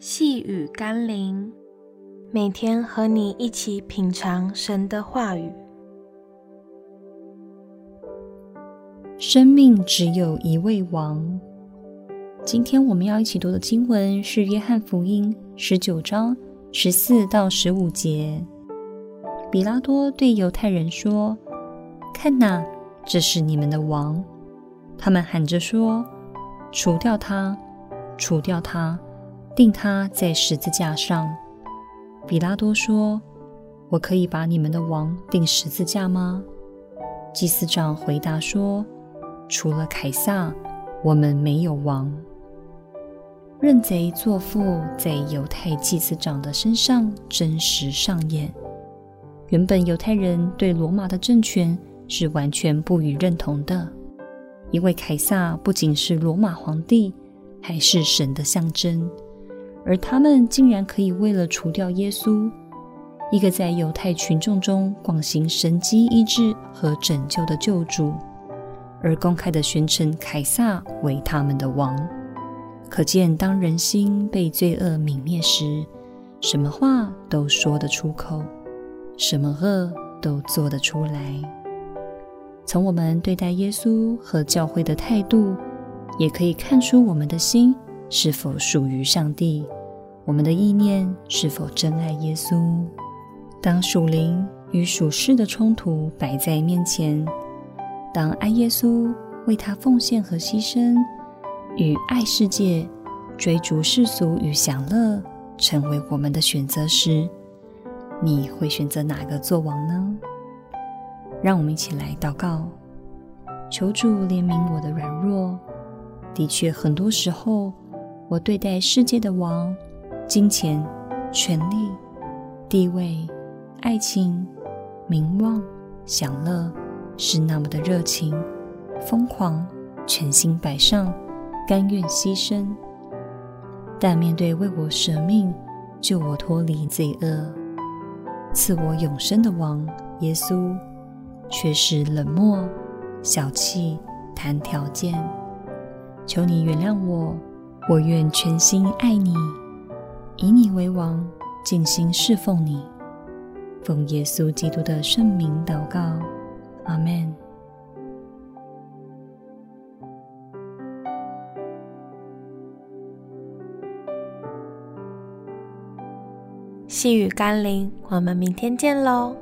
細雨甘霖，每天和你一起品嘗神的話語。生命只有一位王。今天我們要一起讀的經文是《約翰福音》十九章十四到十五節。比拉多對猶太人說：“看哪，這是你們的王。”他們喊着說：“除掉他！除掉他！”定他在十字架上。比拉多說：“我可以把你們的王釘十字架嗎？”祭司長回答說：“除了凱撒，我們沒有王。”認賊作父在猶太祭司長的身上真實上演。原本猶太人對羅馬的政權是完全不予認同的，因為凱撒不僅是羅馬皇帝，還是神的象徵。而他們竟然可以為了除掉耶穌，一個在猶太群眾中廣行神蹟醫治和拯救的救主，而公開地宣稱凱撒為他們的王。可見，當人心被罪惡泯滅時，什麼話都說得出口，什麼惡都做得出來。從我們對待耶穌和教會的態度，也可以看出我們的心是否屬於上帝。我們的意念是否真愛耶穌？當屬靈與屬世的衝突擺在面前，當愛耶穌為他奉獻和犧牲，與愛世界追逐世俗與享樂成為我們的選擇時，你會選擇哪個作王呢？讓我們一起來禱告，求主憐憫我的軟弱。的確，很多時候我對待世界的王。金錢、權利、地位、愛情、名望、享樂，是那麼的熱情、瘋狂、全心擺上、甘願犧牲。但面對為我舍命、救我脫離罪惡、賜我永生的王耶穌，卻是冷漠、小氣、談條件。求你原諒我，我願全心愛你。以你為王，盡心事奉你。奉耶穌基督的聖名禱告，阿門。細語甘霖，我們明天見嘍。